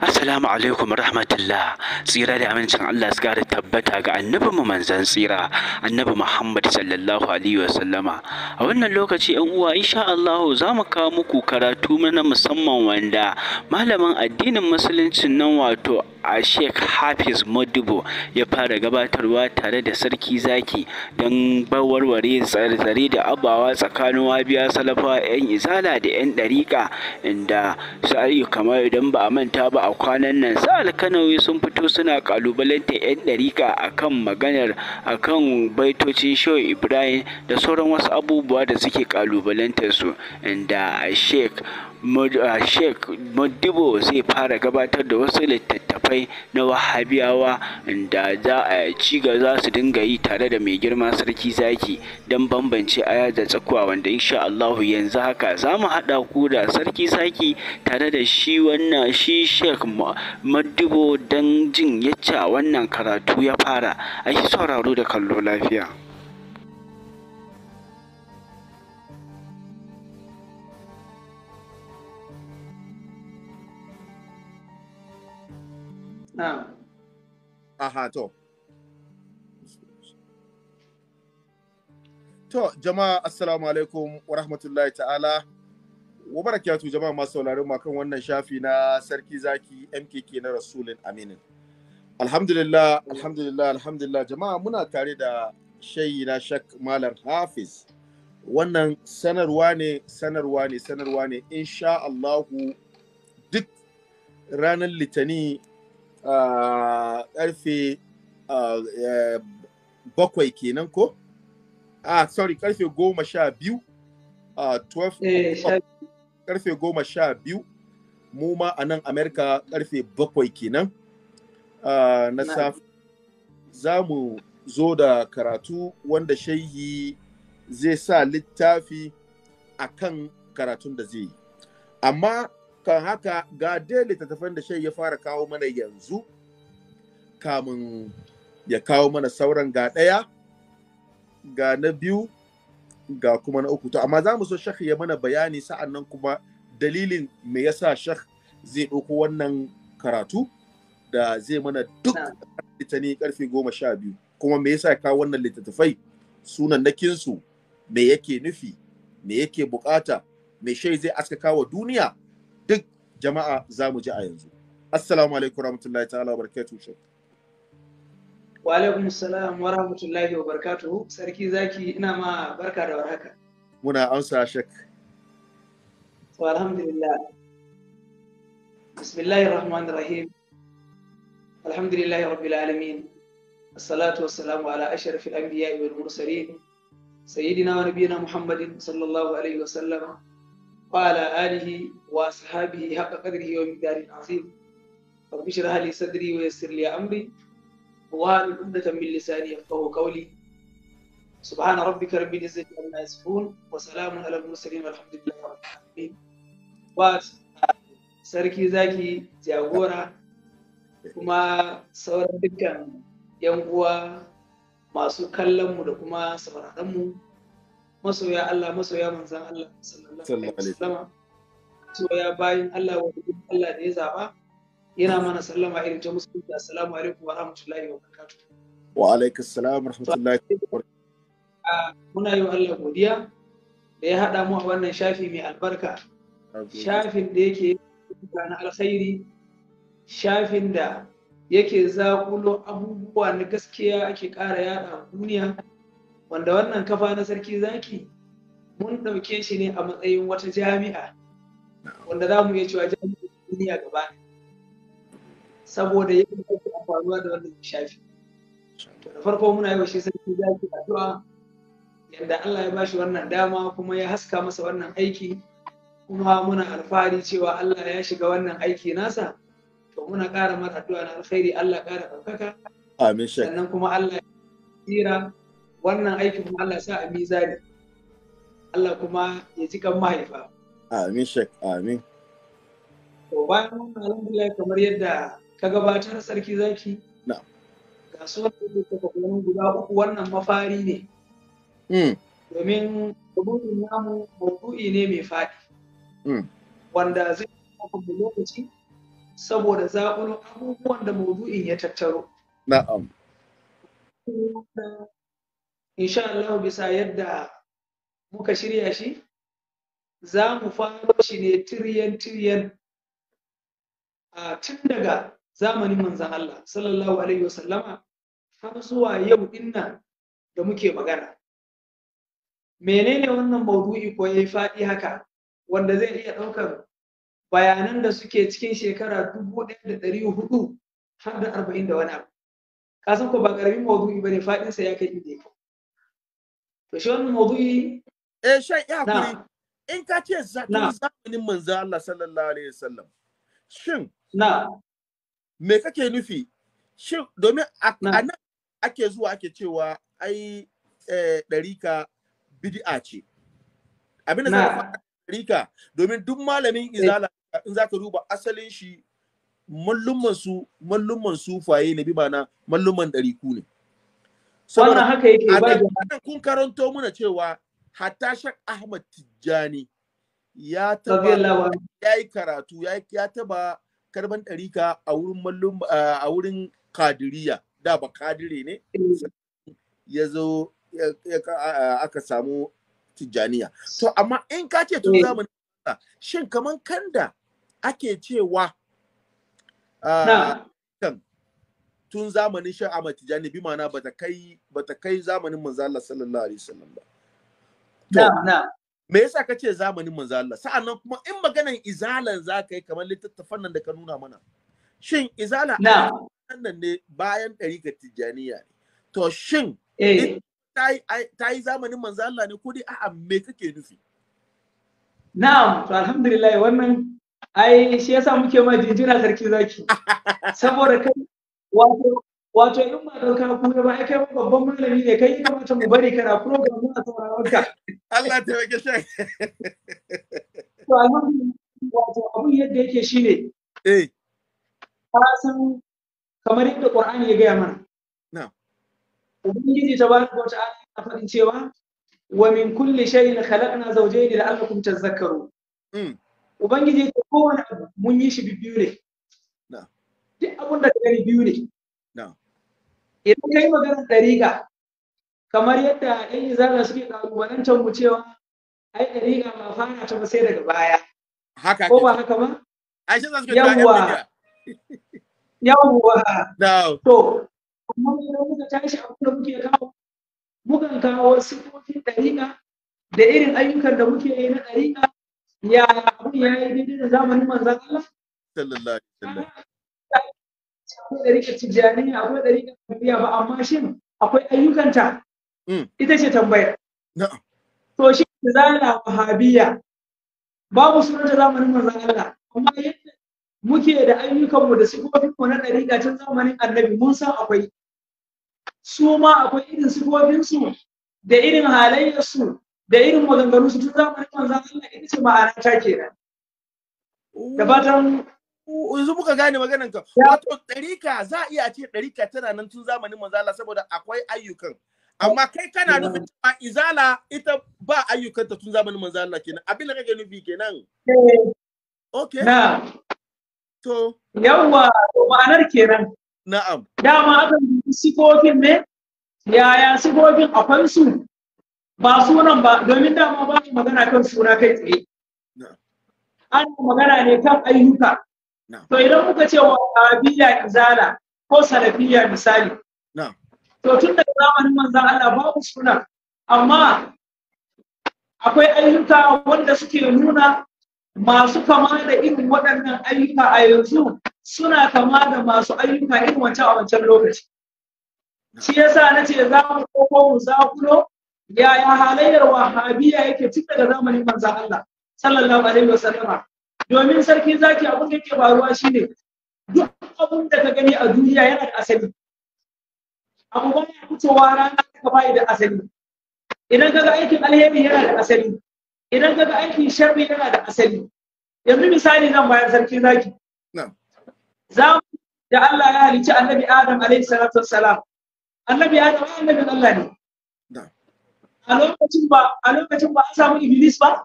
Assalamu alaikum rahmatullah tsira da amincin Allah su kara tabbata ga annabi mu manzan tsira annabi Muhammad sallallahu alaihi wa sallama a wannan lokaci yan uwa insha Allah za mu kawo muku karatu na musamman wanda malamin addinin musulunci nan wato a Sheikh Hafiz Modibo ya fara gabatarwa tare da Sarki Zaki don bawarware tsare-tsare da abawa tsakanin wabiya salafa 'yan izala da 'yan ɗariƙa inda sa'ayi kamar idan ba a manta ba a a kwanan nan su alkanawi sun fito suna kalubalanta 'yan ɗarika akan maganar a kan baitocin shehu ibrahim da sauran wasu abubuwa da suke kalubalantar su inda sheikh Uh, Sheikh Modibo zai fara gabatar da wasu littattafai na Wahabiyawa da za a ci za su dinga yi tare da Mai Girma Sarki Zaki don bambance aya da tsakuwa wanda insha Allahu yanzu haka za mu haɗa ku da Sarki Zaki tare da shi wannan shi Sheikh Modibo don jin yacca wannan karatu ya fara. A sauraro da kallo lafiya. Ah. aha to to jama'a assalamu alaikum wa rahmatullahi ta'ala wa barakatu jama'a masu sauraron kan wannan shafi na sarki zaki mkk na rasulin aminin alhamdulillah alhamdulillah alhamdulillah jama'a muna tare da shayi na shak malam hafiz wannan sanarwa ne sanarwa ne sanarwa ne insha Allahu duk ranar litani Ah, karfe ah, eh, bakwai kenan ko? Ah, sorry, karfe goma sha biyu. Ah, eh, oh, karfe goma sha biyu. Mu ma a nan Amerika karfe bakwai kenan. Na safe. Za mu zo da karatu wanda shaihi zai sa littafi a kan karatun da zai yi. Amma kan haka ga dai litattafai da shai ya fara kawo mana yanzu kamun ya kawo mana sauran ga ɗaya ga na biyu ga kuma na uku to amma za mu so shak ya mana bayani sa'an kuma dalilin me yasa shak zai ɗauko wannan karatu da zai mana duk litani karfe goma sha biyu kuma me yasa kawo wannan littattafai sunan su me yake nufi me yake bukata me shai zai askaka wa duniya duk jama'a za mu ji a yanzu assalamu alaikum warahmatullahi ta'ala barakatuhu shek wa alaikum assalam wa rahmatullahi wa barakatuhu sarki zaki ina ma barka da warhaka muna amsa shek to alhamdulillah bismillahir rahmanir rahim alhamdulillahi rabbil alamin As-salatu salamu ala الصلاة والسلام على أشرف Sayyidina والمرسلين سيدنا ونبينا محمد صلى الله عليه وسلم وعلى آله Wa sahabi ya haɓaka da yi a yi wani tarihi a asirin. Ɗan kushin hali sadari amri. Waɗanne amfani da tambayi ya sani ya Subhana robbe karɓi ne zai je Wa salamu alayhumma salli alhamdulillahi wa'im alhamdulilahi. Wa sarki zaki jagora kuma saurari dukkan yanguwa masu kallon mu da kuma sauraron mu. Ma Allah ma soya Allah ma sallan mu cewa ya bayin Allah wa Allah da ya zaba yana mana sallama irin ta musulunci salamu alaikum wa rahmatullahi wa barakatuh wa alaikum assalam wa rahmatullahi wa barakatuh ah, muna yi wa Allah godiya da ya haɗa mu a wannan shafi mai albarka shafin da yake na alkhairi shafin da yake zaƙulo abubuwa na gaskiya ake ƙara yada duniya wanda wannan kafa na sarki zaki mun ɗauke shi ne a matsayin wata jami'a wanda za mu iya cewa jami'in duniya gaba saboda yadda ake amfanuwa da wannan shafi da farko muna yi wa shi sarki zaki addu'a yadda Allah ya bashi wannan dama kuma ya haska masa wannan aiki kuma muna alfahari cewa Allah ya shiga wannan aiki nasa to muna ƙara mar addu'a na alkhairi Allah ƙara ɗaukaka amin sannan kuma Allah ya tsira wannan aikin kuma Allah ya sa a mizani Allah kuma ya ji kan mahaifa Amin sheikh, amin. To bayan wannan alhamdulillah kamar yadda ka gabatar sarki zaki. Na. Ga wanda da ta kwakwani guda uku wannan mafari ne. Hmm. Domin rubutun namu maudu'i ne mai faɗi. Hmm. Wanda zai kuma lokaci saboda zaɓin abubuwan da maudu'in ya tattaro. Na'am. Insha Allah bisa yadda muka shirya shi, za mu faro shi ne tiriyan tiriyan a tun daga zamanin manzan Allah sallallahu alaihi wasallama har zuwa yau dinnan da muke magana menene wannan maudu'i ko ya yi faɗi haka wanda zai iya ɗaukar bayanan da suke cikin shekara dubu ɗaya da ɗari har da arba'in da wani abu kasan ko ba ƙaramin maudu'i ba ne faɗinsa ya kai inda to shi wannan maudu'i eh shan ya in ka ce zamanin manzo Allah sallallahu alaihi wasallam shin na me kake nufi shin domin a nan ake zuwa ake cewa ai eh, ɗarika bid'a ce abin da zai ɗarika domin duk malamin eh. izala in zaka duba asalin shi mallumman su mallumman faye ne bi mana mallumman ɗariku ne wannan haka yake ba kun karanto muna cewa hatta shak ahmad tijjani ya taba ya yi karatu ya taba karban ɗarika a wurin mallum a wurin kadiriya da ba kadire ne eh. ya zo aka samu tijjaniya to amma in ka ce tun eh. zamanin shin kaman kanda ake cewa tun zamanin shan amma tijjani bi ma'ana bata kai zamanin manzo Allah sallallahu alaihi wasallam ba me yasa kace zamanin manzo Allah sa'annan kuma in maganan izalan zaka yi kamar littattafan nan da ka nuna mana shin izala na'am nan ne bayan ɗariƙar tijjaniya ne to shin eh. ta yi zamanin manzo Allah ne ko dai a'a me kake nufi na'am to alhamdulillah wannan ai shi yasa muke ma jinjina sarki zaki saboda kai wato wato in ba dauka kuma ba ai kai babban malami ne kai kamata mu bari kana program a sauraron ka Allah ta yake shi to wato abun yadda yake shine eh ka san kamar yadda Qur'ani ya gaya mana na'am ubangiji ta wa ta'ala ya faɗin cewa wa min kulli shay'in khalaqna zawjayn la'allakum mm ubangiji ko wani abu mun yi shi bibiyu ne duk abun da ka gani biyu ne Idan ka yi maganar ɗariƙa, kamar yadda ‘yan izala suke ƙalubalantar mu cewa ai ɗariƙa ba fara ta ba sai daga baya. Haka Ko ba haka ba? Ai, Yawwa. Yawwa. To, amma idan muka tashi abin da muke kawo, mukan kawo sifofin ɗariƙa da irin ayyukan da muke yi na ɗariƙa ya abin ya yi daidai da zamanin manzan Allah. Sallallahu Alaihi Wasallam. ɗariƙar tijjaniya akwai ɗariƙar tafiya ba amma shin akwai ayyukanta mm. ita ce tambaya. to shi zala wahabiya babu suna da zamanin manzon Allah amma yadda muke da ayyukanmu da sifofinmu na ɗariƙa tun zamanin annabi mun san akwai su ma akwai irin sifofinsu da irin halayyarsu da irin maganganunsu tun zamanin manzon Allah ita ce ma'ana ta kenan da fatan yanzu muka gane maganan ka wato ɗarika za a iya ce ɗarika tana nan tun zamanin manzala saboda akwai ayyukan amma kai kana nufin cewa izala ita ba ayyukan ta tun zamanin manzala kenan abin da kake nufi kenan eh. okay na to yawa ma'anar kenan na'am dama akan sifofin ne yaya sifofin akwai su ba sunan ba domin dama ba magana kan suna kai tsaye ana magana ne kan ayyuka to idan muka ce wa wahabiyya izala ko sarafiya misali to tun daga zamanin manzan Allah babu suna amma akwai ayyuka wanda suke nuna masu kama da irin waɗannan ayyuka a yanzu suna kama da masu ayyuka irin wancan a wancan lokaci shi yasa na ce za mu koko mu zakulo yaya halayyar wahabiya yake tun daga zamanin manzan Allah sallallahu alaihi wasallam domin sarki zaki abin da yake faruwa shine duk abin da ka gani a duniya yana da asali abu baya fitowa rana ka bai da asali idan kaga aikin alheri yana da asali idan kaga aikin sharri yana da asali yanzu misali zan bayar sarki zaki za mu da Allah ya halicci annabi Adam alaihi salatu wassalam annabi Adam ai annabin Allah ne a lokacin ba a lokacin ba an samu iblis ba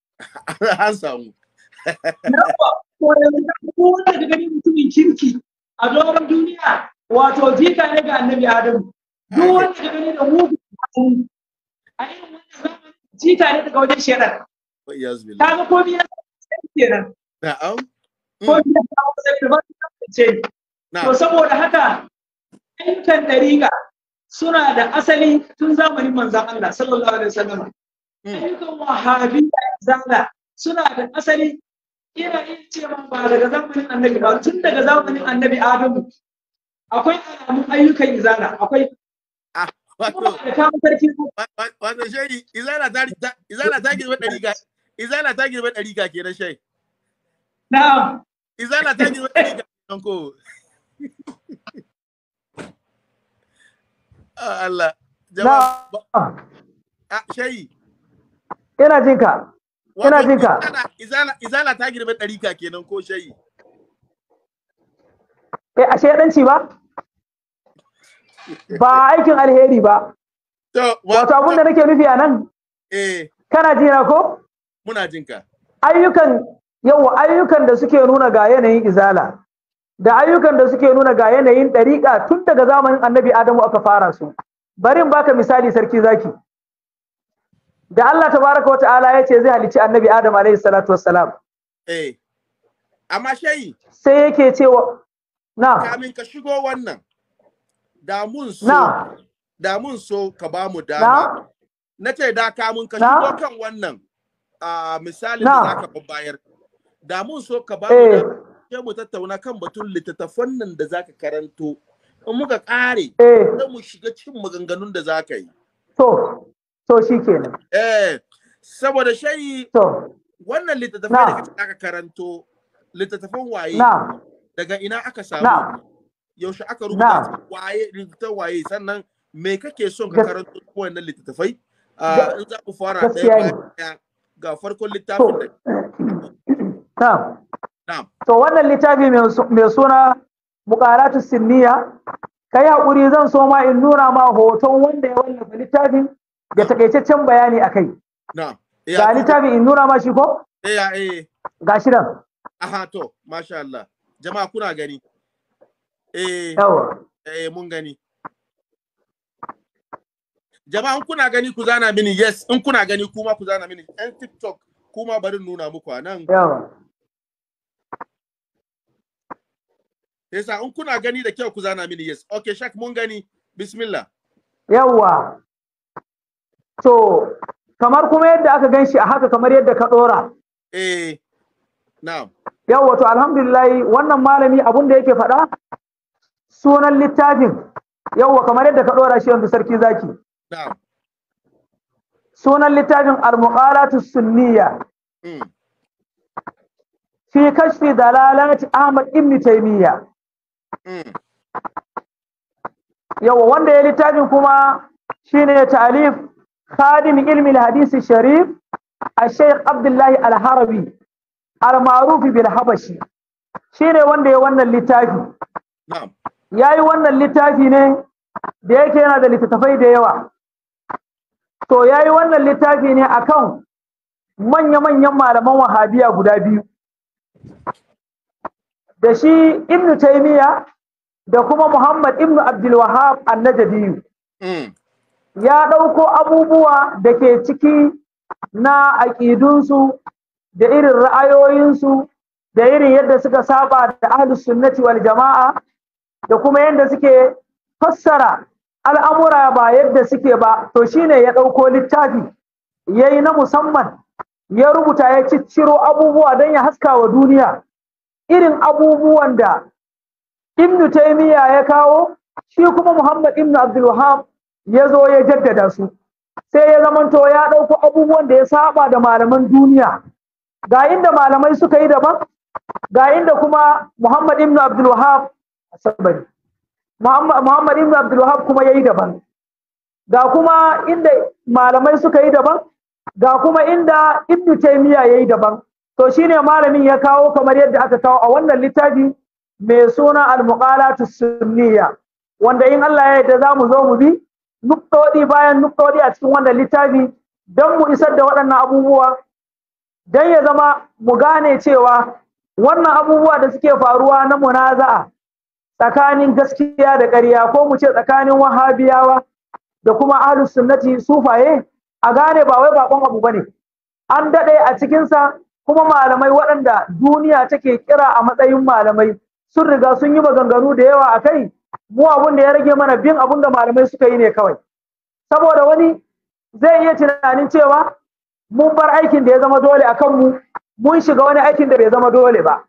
an samu ko yanzu ko wanda ka mutumin kirki a doron duniya wato jika ga annabi adamu duk wanda ka gani da mugu a irin wannan zamanin jika ne daga wajen shaidan ta ga komai ya nan. na'am komai ya kawo sai ba ce to saboda haka ayyukan dariƙa suna da asali tun zamanin manzan Allah sallallahu alaihi wasallam mm. ayyukan wahabiyya zala suna da asali Ina iya ce man ba daga zamanin annabi ba tun daga zamanin annabi adamu akwai alamun ayyukan izana akwai ah, wato wato shehi izana ta izana ta girma ɗari ga izana ta girma ɗari ga kenan shehi na'am izana ta girma ɗari ga kenan ko ah, Allah jama'a ah, shehi ina jinka Ina jin ka. Izala ta girma ɗarika kenan ko shayi. Eh ashe ɗanci ba? Ba aikin alheri ba. Wato abin da nake nufi a nan? Eh. Kana jina ko? Muna jin ka. Ayyukan yawa ayyukan da suke nuna ga yanayin izala da ayyukan da suke nuna ga yanayin dariƙa, tun daga zamanin annabi Adamu aka fara su. Barin baka misali sarki zaki. da Allah tabaraka wa ta'ala ya ce zai halicci annabi Adam alaihi salatu wassalam eh amma shayi sai yake cewa na kamin ka shigo wannan da mun so na. da mun so ka ba mu dama na ce da kamin ka shigo kan wannan a misalin da zaka bayar da mun so ka ba mu eh. dama sai mu tattauna kan batun littattafan nan da za ka karanto in muka kare eh. sai mu shiga cikin maganganun da za ka yi to to shi kenan eh saboda shayi to wannan littattafai da aka karanto littattafan waye daga ina aka samu yaushe aka rubuta waye waye sannan me kake son ka karanto wannan littattafai ah, in za ku fara ɗaya ga farkon littafin da to wannan littafi mai suna muqaratu sinniya kai hakuri zan so ma in nuna ma hoton wanda ya wallafa littafin da takaitaccen bayani a kai. Eh, Ga littafi in nuna ma shi ko? Eh, eh. Ga shi nan. Aha to, masha Allah. Jama'a kuna gani. Eh, eh mun gani. Jama'a in kuna gani ku zana mini yes, in kuna gani kuma ku zana mini. Yan TikTok kuma bari nuna muku a nan. Yasa in kuna gani da kyau ku zana mini yes. Okay, Shak mun gani. Bismillah. Yawa. to kamar kuma yadda aka gan shi a haka kamar yadda ka ɗora. Eh, na'am. Yawwa to alhamdulillah wannan malami abun da yake faɗa sunan littafin yawwa kamar yadda ka ɗora shi yanzu sarki zaki. Na'am. Sunan littafin al-muqalatu sunniya. Hmm. Fi kashfi dalalati Ahmad ibn Taymiyyah. Hmm. Yawwa wanda ya littafin kuma shine ta'alif خادم علم الحديث الشريف الشيخ عبد الله الهروي المعروف بالحبشي shine wanda ya wannan littafi ya yi wannan littafi ne da yake yana da littattafai da yawa to ya yi wannan littafi ne akan manya-manyan malaman wahabiya guda biyu da shi ibnu taimiya da kuma muhammad ibnu abdulwahab annajadiyu ya ɗauko abubuwa da ke ciki na aƙidunsu da irin ra'ayoyinsu da irin yadda suka saba da ahlus sunnati wal jama'a da kuma yadda suke fassara al'amura ba yadda suke ba to shine ya ɗauko littafi ya yi na musamman ya rubuta ya cicciro abubuwa don ya haska wa duniya irin abubuwan da ibnu taimiyya ya kawo shi kuma muhammad ibnu abdul wahab ya zo ya jaddada su sai ya zamanto ya ɗauko abubuwan da ya saba da malaman duniya ga inda malamai suka yi daban ga inda kuma Muhammad ibn Abdul Wahab asabari Muhammad ibn Abdul Wahab kuma yayi daban ga kuma inda malamai suka yi daban ga kuma inda Ibn Taymiyyah yayi daban to shine malamin ya kawo kamar yadda aka kawo a wannan littafi mai suna al muqalatus sunniyya wanda in Allah ya yarda mu zo mu bi nuktodi bayan nuktodi a cikin wannan littafi don mu isar da waɗannan abubuwa don ya zama mu gane cewa wannan abubuwa da suke faruwa na munaza'a tsakanin gaskiya da ƙarya ko mu ce tsakanin wahabiyawa da kuma ahlus sunnati sufaye a gane ba wai bakon abu bane an daɗe a cikinsa kuma malamai waɗanda duniya take kira a matsayin malamai sun riga sun yi maganganu da yawa akai? mu abun da ya rage mana bin abun da malamai suka yi ne kawai saboda wani zai iya tunanin cewa mun bar aikin da ya zama dole a kanmu mun shiga wani aikin da bai zama dole ba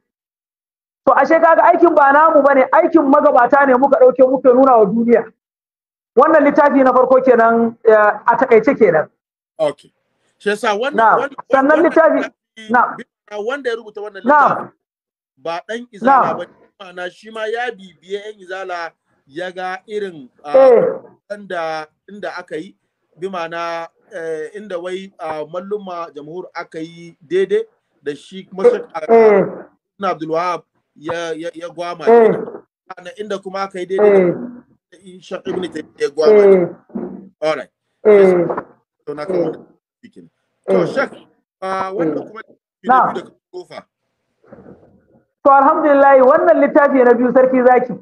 to ashe kaga aikin ba namu bane aikin magabata ne muka ɗauke muka nuna wa duniya wannan littafi na farko kenan eh, a takaice kenan okay shi yasa wannan sannan littafi na wanda ya rubuta wannan littafi ba dan izala ba ma'ana shi ma ya bibiye yan izala ya ga irin inda eh. inda aka yi bi ma'ana eh, inda wai malluma jamhur aka yi daidai da shi masu eh. Abdul ya gwama ana inda kuma aka yi daidai da in shaq ta ya gwama all right to na kuma to shaq wanda kuma da kofa to alhamdulillah wannan littafi na biyu sarki zaki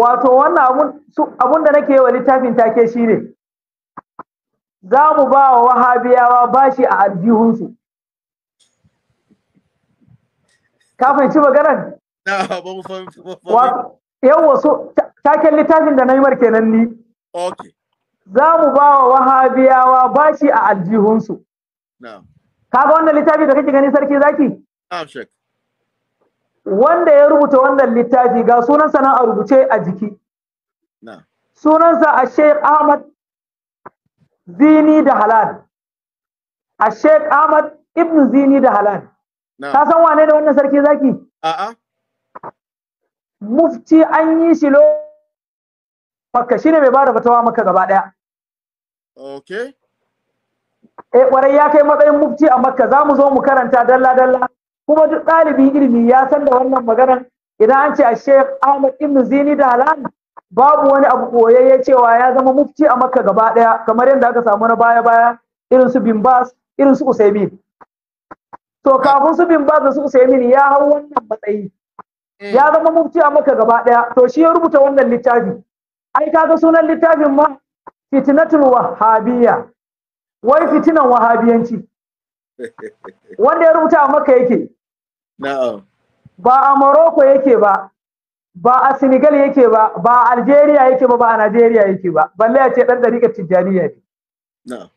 wato wannan abun da nake wa littafin take shi ne, za mu ba wa wahabiyawa bashi a aljihunsu ka fahimci maganar yawa so taken littafin da na yi markenan ni za mu ba wa wahabiyawa bashi a aljihunsu ga wannan littafi da kake gani sarki zaki wanda ya rubuta wannan littafi ga sunansa na a rubuce a jiki sunansa a sheikh ahmad zini da halal a sheikh ahmad ibn zini da halal ka san wane da wannan sarki zaki mufti an yi shi lo fakka shine mai bada fatawa maka gaba daya okay eh kwarai ya kai matsayin mufti a makka za mu zo mu karanta dalla dalla kuma duk ɗalibin ilimi ya san da wannan maganar idan an ce a Sheikh Ahmad Ibn Zini Dahlan babu wani abu koyayye cewa ya zama mufti a Makka gaba ɗaya kamar yadda aka samu na baya baya irin su Bin Bas irin su Usaimin to kafin su Bin Bas da su Usaimin ya hau wannan matsayi eh. ya zama mufti a Makka gaba ɗaya to shi ya rubuta wannan littafi ai kaga sunan littafin ma fitnatul wahabiyya wai fitinan wahabiyanci wanda ya rubuta a Makka yake ba a Morocco yake ba ba a Senegal yake ba ba a Algeria yake ba ba a Nigeria yake ba balle ya ce dan dariƙar Tijjaniya ne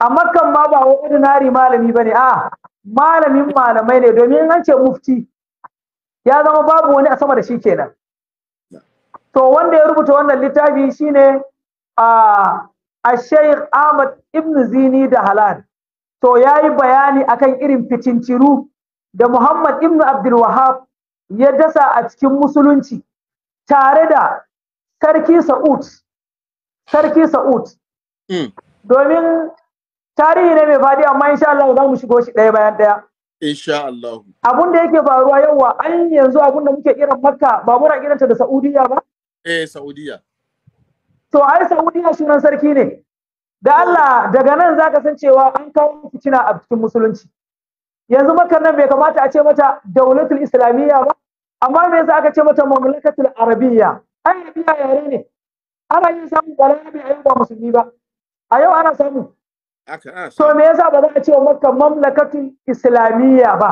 a Makkan ma ba ordinary malami ba ne. a malamin malamai ne domin an ce mufti ya zama babu wani a sama da shi kenan to wanda ya rubuta wannan littafi shine a a Sheikh Ahmad Ibn Zini da Halal to ya yi bayani akan irin fitinciru da Muhammad ibn Abdul Wahab ya dasa a cikin musulunci tare da sarki Sa'ud sarki Sa'ud hmm. domin tarihi ne mai faɗi amma insha Allah za mu shigo shi ɗaya bayan ɗaya insha Allah abun da yake faruwa yawa an yanzu abun da muke kiran Makka ba muna kiranta da Saudiya ba eh Saudiya to ai Saudiya sunan sarki ne da Allah daga nan zaka san cewa an kawo fitina a cikin musulunci yanzu makar nan bai kamata a ce mata daulatul islamiyya ba amma me yasa aka ce mata mamlakatul arabiyya arabiya yare ne ana yin samun balarabe a yau ba musulmi ba a yau ana samu to me yasa ba za a ce wa makka mamlakatul islamiyya ba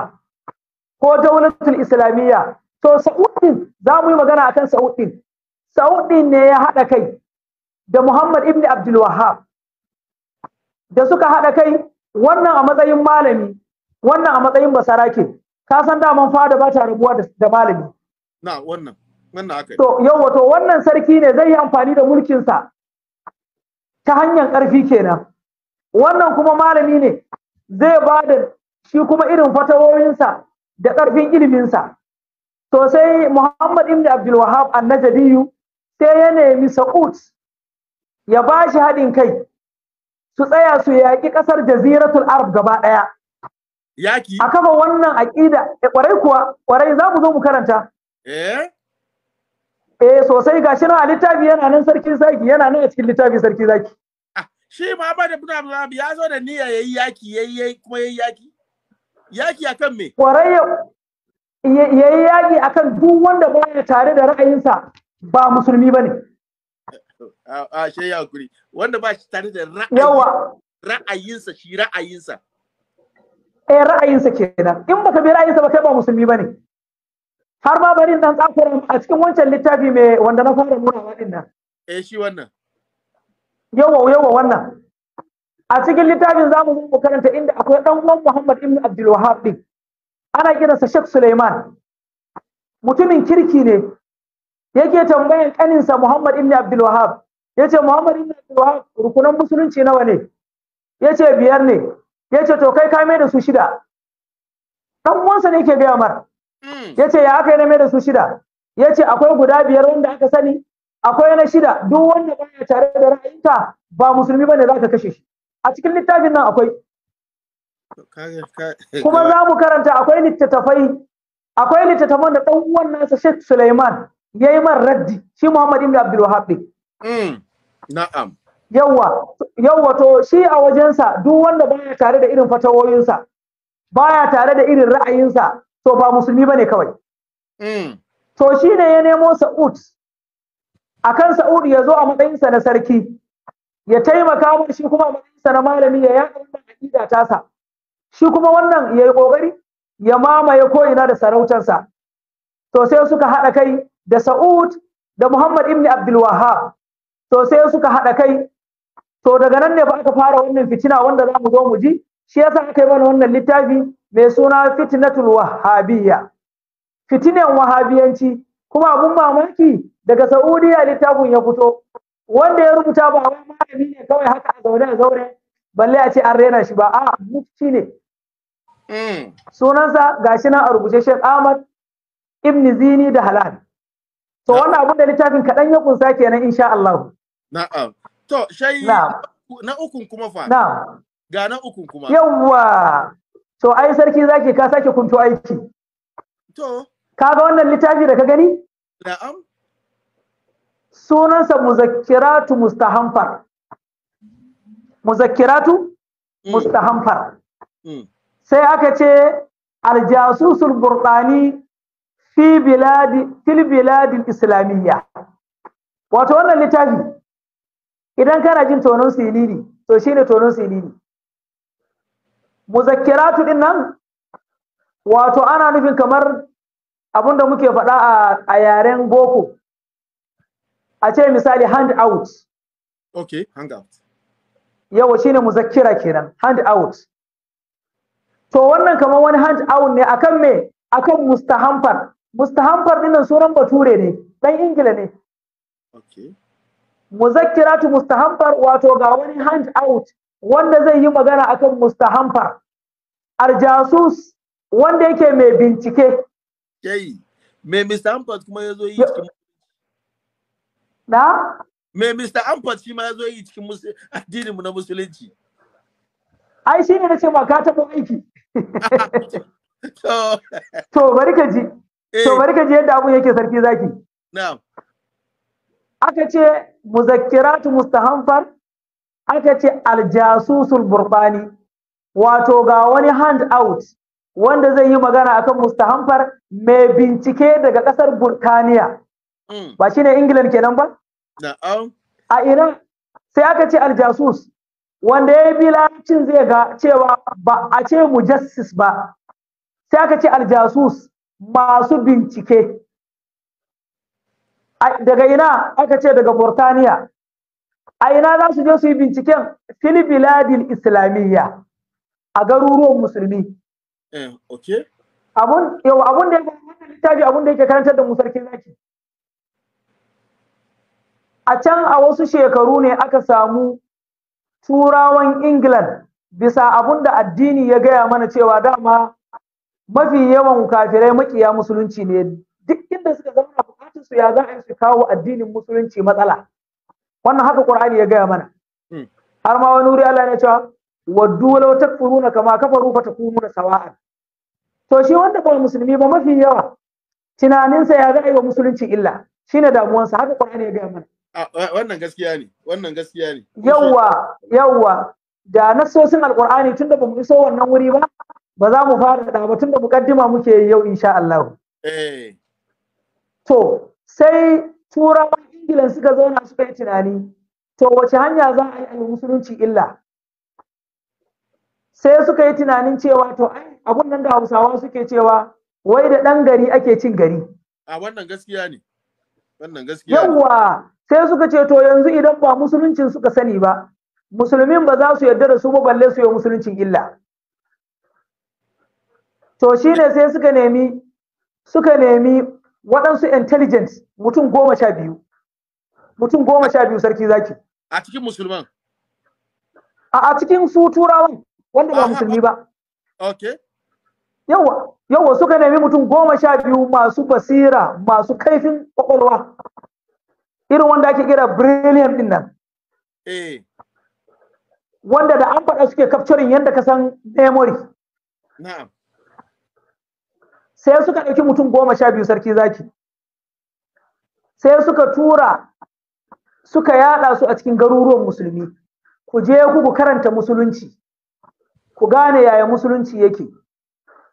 ko daulatul islamiyya to sa'udin za mu yi magana akan sa'udin sa'udin ne ya haɗa kai da muhammad ibn abdul wahab da suka haɗa kai wannan a matsayin malami wannan a matsayin basarake ka san daman fada ba ta rabuwa da malami na wannan wannan aka to yau wato wannan sarki ne zai yi amfani da mulkinsa ta hanyar ƙarfi kenan wannan kuma malami ne zai ba da shi kuma irin fatawoyinsa da ƙarfin iliminsa to sai muhammad ibn abdul wahab annajadiyu sai ya nemi sa'ud ya bashi shi haɗin kai su tsaya su yaƙi ƙasar jaziratul arab gaba ɗaya yaki a kama wannan aƙida eh, ƙwarai kuwa Ƙwarai, za mu zo mu karanta eh eh sosai ga shi a littafi yana nan sarki zaki yana nan a cikin littafi sarki zaki ah, shi ma da buna ba ya zo da niyya yi yaki yi kuma ya yi yaki yaki kan me ya yayi yaki kan duk wanda baya tare da ra'ayinsa ba musulmi ne a ah, ah, shi ya wanda ba shi tare da ra'ayinsa shi ra'ayinsa ɗaya eh, ra'ayinsa kenan in baka bi ra'ayinsa ba kai ba musulmi bane har ma bari dan tsakura a cikin wancan littafi mai wanda na fara nuna wa nan eh shi wannan yawa yawa wannan a cikin littafin za mu karanta inda akwai dan uwan Muhammad ibn Abdul Wahhab din ana kiransa Sheikh Suleiman mutumin kirki ne yake tambayan kaninsa Muhammad ibn Abdul Wahhab yace Muhammad ibn Abdul Wahhab rukunan musulunci nawa ne yace biyar ne ya ce to kai ka mai da su shida dan uwansa ne ke gaya mar hmm. ya ce ya aka yi na mai da su shida ya ce akwai guda biyar wanda aka sani akwai na shida duk wanda ya tare da ra'ayinka ba musulmi bane za ka kashe shi a cikin littafin nan akwai kuma za mu karanta akwai littattafai akwai littattafan da ɗan uwan nasa Sheikh Suleiman ya yi man raddi shi Muhammad Ibn Abdul Wahab hmm. Na'am. yawa yawa to shi a wajensa duk wanda baya tare da irin fatawoyinsa baya tare da irin ra'ayinsa to ba musulmi bane kawai mm. to shi ne ya nemo sa'ud akan sa'ud ya zo a matsayinsa na sarki ya taimaka mun shi kuma a matsayinsa na malami ya yaɗa wannan aƙida tasa shi kuma wannan ya yi ƙoƙari ya mamaye ko'ina da sarautarsa to sai suka haɗa kai da sa'ud da muhammad ibn abdul wahab to sai suka haɗa kai to daga nan ne ba aka fara wannan fitina wanda za mu zo mu ji shi yasa aka yi mana wannan littafi mai suna fitnatul wahabiyya fitinan wahabiyanci kuma abun mamaki daga saudiya littafin ya fito wanda ya rubuta ba wai malami ne kawai haka a zaune a zaune balle a ce an rena shi ba a mufti ne hmm. sunansa gashi nan a rubuce Sheikh Ahmad Ibn Zini da Halal to wannan abun da littafin kaɗan ya kunsa kenan insha Allah na'am To, shai na na ukun kuma fa. Na. Ga na ukun kuma. Yawwa. To, ai sarki zaki ka sake kunto aiki. To. Ka ga wannan littafi da ka gani? Na'am. Sunansa muzakkiratu mustahamfar. Muzakkiratu mm. mustahamfar. Mm. Sai aka ce aljasusul burɗani fi biladi fil biladil islamiyya. Wato wannan littafi idan kana jin tonon silili to shine tonon silili muzakkiratu din nan wato ana nufin kamar abinda muke faɗa a yaren boko a ce misali hand out okay hand out yawa shine muzakkira kenan hand out to wannan kamar wani hand out ne akan me akan mustahamfar mustahamfar dinnan sunan bature ne dan ingila ne okay muzakkiratu mustahamfar wato ga wani hand out wanda zai yi magana akan mustahamfar aljasus wanda yake mai bincike kai me Mr. ampat kuma ya zo yi cikin na me Mr. ampat shi ma ya zo yi cikin addinin mu na musulunci ai shine nace ma ka tabo aiki to bari ka ji to eh. bari ka ji yadda abun yake sarki zaki na'am aka ce muzakkiratu mustahanfar aka ce aljasusul burbani wato ga wani hand out wanda zai yi magana akan mustahanfar mai bincike daga kasar burkaniya hmm. ba shine england kenan ba a ina sai aka ce aljasus wanda ya bi lacin zai ga cewa ba a ce mujassis ba sai aka ce aljasus masu bincike daga ina aka ce daga Burtaniya a ina za su je su yi binciken fil biladil islamiyya a garuruwan musulmi eh, abun yau abun da ya karanta littafi abun da yake karantar da musarki zaki a can a wasu shekaru ne aka samu turawan England bisa abun da addini ya gaya mana cewa dama mafi yawan kafirai makiya musulunci ne duk inda suka zama cikin su ya za a yi su kawo addinin musulunci matsala wannan haka qur'ani ya gaya mana hmm. har ma wani wuri Allah ne cewa waddu law takfuruna kama kafaru takununa sawa'an to shi wanda ba musulmi ba mafi yawa tunaninsa ya za a yi wa musulunci illa shine damuwansa haka qur'ani ya gaya mana wannan gaskiya ne wannan gaskiya ne yawa yawa da nasosin alqur'ani tunda ba mu iso wannan wuri ba ba za mu fara da ba tunda mukaddima muke yau insha Allah eh to sai turawan ingila suka zauna suka yi tunani to wace hanya za a yi a musulunci illa sai suka yi tunanin cewa to abun nan da hausawa suke cewa wai da ɗan gari ake cin gari a wannan gaskiya ne wannan gaskiya yawa sai suka ce to yanzu idan ba musuluncin suka sani ba musulmin ba za su yarda da su ba balle su yi musuluncin illa to shine sai suka nemi suka nemi waɗansu intelligence mutum goma sha biyu mutum goma sha biyu sarki zaki a cikin musulman a cikin su turawan wanda ba musulmi ba okay yawa yawa suka nemi mutum goma sha biyu masu basira masu kaifin kwakwalwa irin wanda ake kira brilliant din nan eh. wanda da an faɗa suke capturing yadda ka san memory na'am sai suka ɗauki mutum goma sha biyu sarki zaki sai suka tura suka yaɗa su a cikin garuruwan musulmi ku je ku ku karanta musulunci ku gane yaya musulunci yake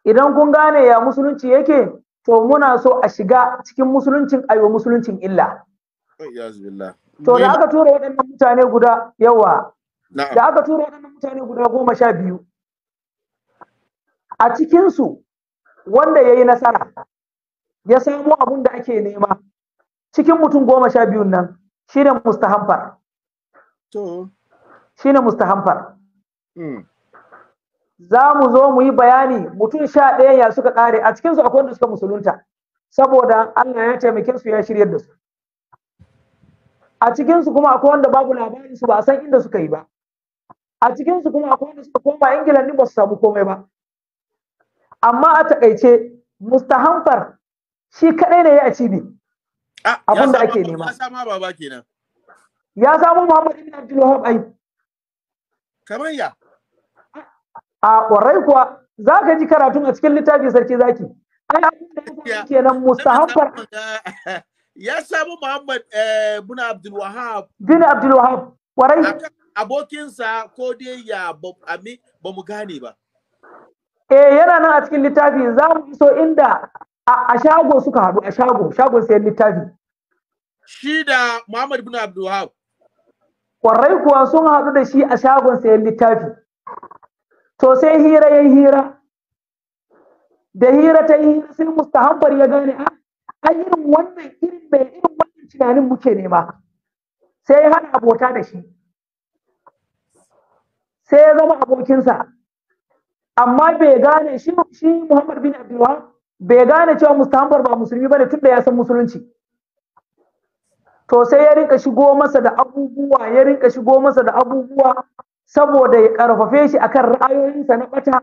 idan kun gane ya musulunci yake to muna so a shiga cikin musuluncin ayo musuluncin illa to da aka tura waɗannan mutane guda yawa da aka tura waɗannan mutane guda goma sha biyu a cikinsu wanda ya yi nasara ya samu abun da ake nema cikin mutum goma sha biyun nan shine mustahamfar ne mustahamfar hmm. za mu zo mu yi bayani mutum sha ɗaya ya suka ƙare a cikinsu akwai wanda suka musulunta saboda Allah ya taimake su ya shiryar da su a cikinsu kuma akwai wanda babu labarin su ba a san inda suka yi ba a cikinsu kuma akwai wanda suka koma ingila ni ba su samu komai ba amma a takaice mustahamfar shi kadai ne ya ci ne ah, abin da ake nema ya samu Muhammad ibn Abdul Wahab ai kamar ya a kwarai kuwa za ka ji karatun a cikin littafin sarki zaki ai abin da kenan mustahamfar ya samu Muhammad eh, ibn Abdul Wahab bin Abdul Wahab kwarai abokinsa ko dai ya ba mu gane ba eh yana nan a cikin littafi za mu iso inda a shago suka haɗu a shago shagon sayan littafi shi da Muhammad bin Abdulwahab kwarai kuwa sun haɗu da shi a shagon sayan littafi to sai hira ya hira da hira ta yi sai mustahabbar ya gane a ah, a irin wannan irin bai irin wannan tunanin muke nema sai ya hana abota da shi sai ya zama abokinsa amma bai gane shi shi Muhammad bin Abdullah bai gane cewa Mustahambar ba musulmi bane tunda ya san musulunci to sai ya rinka shigo masa da abubuwa ya rinka shigo masa da abubuwa saboda ya karfafe shi akan ra'ayoyinsa na bata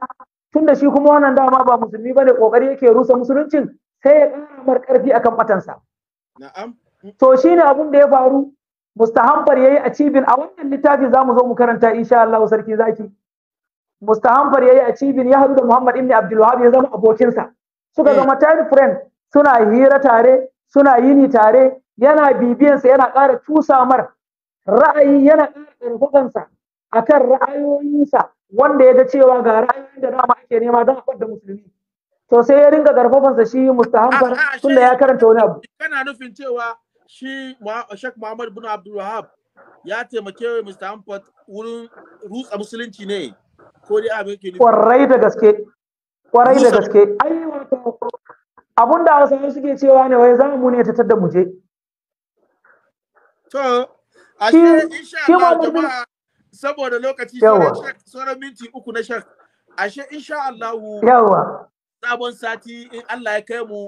tunda shi kuma wannan dama ba musulmi bane kokari yake rusa musuluncin sai ya kara mar karfi akan batansa na'am to shine abun da ya faru mustahambar yi a cibin a wannan littafi zamu zo mu karanta insha Allah sarki zaki ya yi a cibin ya haɗu da Muhammad ibn Abdul Wahab ya zama abokinsa suka eh. zama time friend suna hira tare suna yini tare yana bibiyansa yana ƙara tusa mar ra'ayi yana ƙara ƙarfafansa kan ra'ayoyinsa wanda ya ga cewa ga ra'ayoyin da dama ake nema don a da musulmi to sai ya ringa ƙarfafansa shi mustahamfar ah, ah, ah, tunda ya karanta wani abu kana nufin cewa shi Sheikh Muhammad bin Abdul Wahab ya taimake Mr. Hamfat wurin rutsa musulunci ne ko dai abin ke kwarai da gaske kwarai da gaske ai wato abun da hausawa suke cewa ne wai za mu ne ta da mu je to a shi insha Allah jama'a saboda lokaci sauran minti uku na shak ashe insha Allah yawa sabon sati in Allah ya kai mu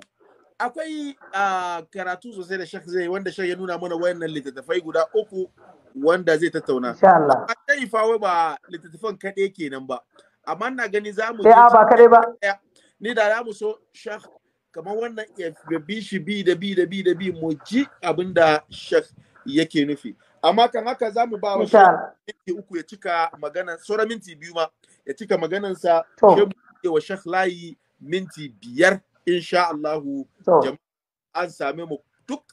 akwai ah, karatu sosai da shak zai wanda shak ya nuna mana wayannan littattafai guda uku wanda zai tattauna. Insha Allah. ba littattafan kaɗai kenan ba. Amma na gani za mu. Eh ba kaɗai ba. Ni da za mu so shek kamar wannan ya bi shi bi da bi da bi da bi mu ji abin shak yake nufi. Amma kan haka zamu mu ba wa shak minti uku ya cika magana sauran minti biyu ma ya cika maganansa. To. Shi wa shak layi minti biyar insha Allahu. To. An same mu duk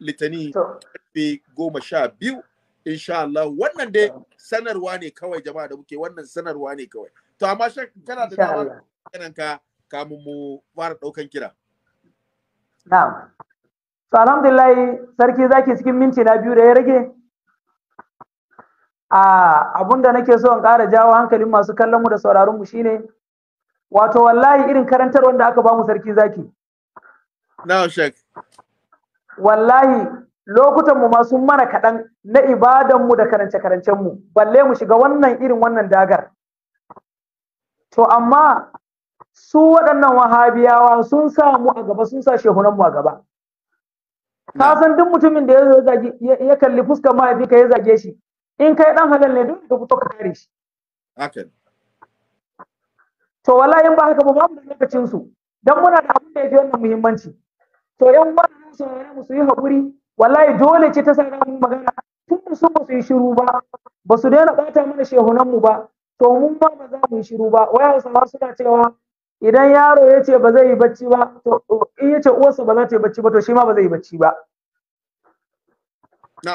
litani karfe goma sha biyu insha Allah wannan dai sanarwa ne kawai jama'a da muke wannan sanarwa ne kawai to amma shek kana da dama kanan ka kamun mu fara daukan kira na'am to alhamdulillah sarki zaki cikin minti na biyu da ya rage a abunda nake so in ƙara jawo hankalin masu kallon mu da sauraron mu shine wato wallahi irin karantar wanda aka bamu sarki zaki na'am shek wallahi lokutan mu ma sun mana kaɗan na ibadan mu da karance karancen mu balle mu shiga wannan irin wannan dagar to amma su waɗannan wahabiyawa sun sa mu a gaba sun sa shehunan mu a gaba ka san duk mutumin da ya zagi ya kalli fuskar ka ya zage shi in kai dan halal ne duk ka fito ka kare shi haka to wallahi in ba haka ba babu da lokacin su dan muna da abin da yake wannan muhimmanci to yan wannan mu saurare mu su yi haƙuri wallahi dole ce ta sa mu magana tun da su ba su yi shiru ba ba su daina ɓata mana shehunan mu ba to mun ba ba za mu yi shiru ba Waya su ma suna cewa idan yaro ya ce ba zai yi bacci ba to in ya ce uwarsa ba za ta yi bacci ba to shi ma ba zai yi bacci ba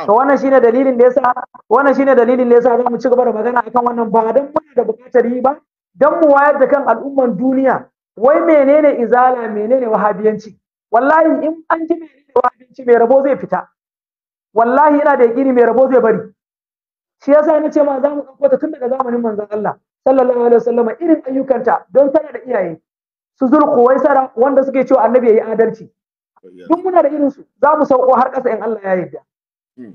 to wannan shine dalilin da yasa wannan shine dalilin da yasa za mu ci gaba da magana akan wannan ba dan muna da buƙatar yi ba dan mu wayar da kan al'umman duniya wai menene izala menene wahabiyanci wallahi in an ji mai rinewa abinci mai rabo zai fita wallahi ina da yaƙini mai rabo zai bari shi yasa ni ce ma za mu ɗauko ta tun daga zamanin manzon Allah sallallahu alaihi wasallam irin ayyukanta don sanar da iyaye su zurku wai sara wanda suke cewa annabi yayi adalci duk muna da irin su za mu sauko har ƙasa in Allah ya yarda hmm.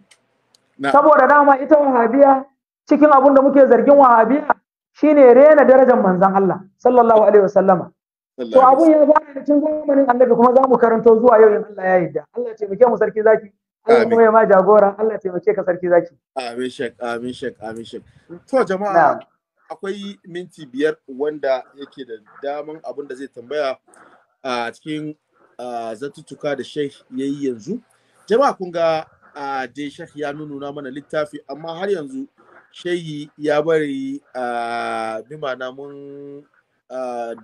saboda dama ita wahabiya cikin abin da muke zargin wahabiya shine rena darajar manzon Allah sallallahu alaihi wasallama to abun ya fara cin zamanin annabi kuma za mu karanto zuwa yau in Allah ya yarda Allah ya taimake mu sarki zaki Allah kuma ya ma jagora Allah ya taimake ka sarki zaki amin shek amin shek amin shek to jama'a akwai minti biyar wanda yake da daman abin da zai tambaya a cikin zatuttuka da sheikh ya yi yanzu jama'a kun ga dai sheikh ya nuna mana littafi amma har yanzu shehi ya bari a bimana mun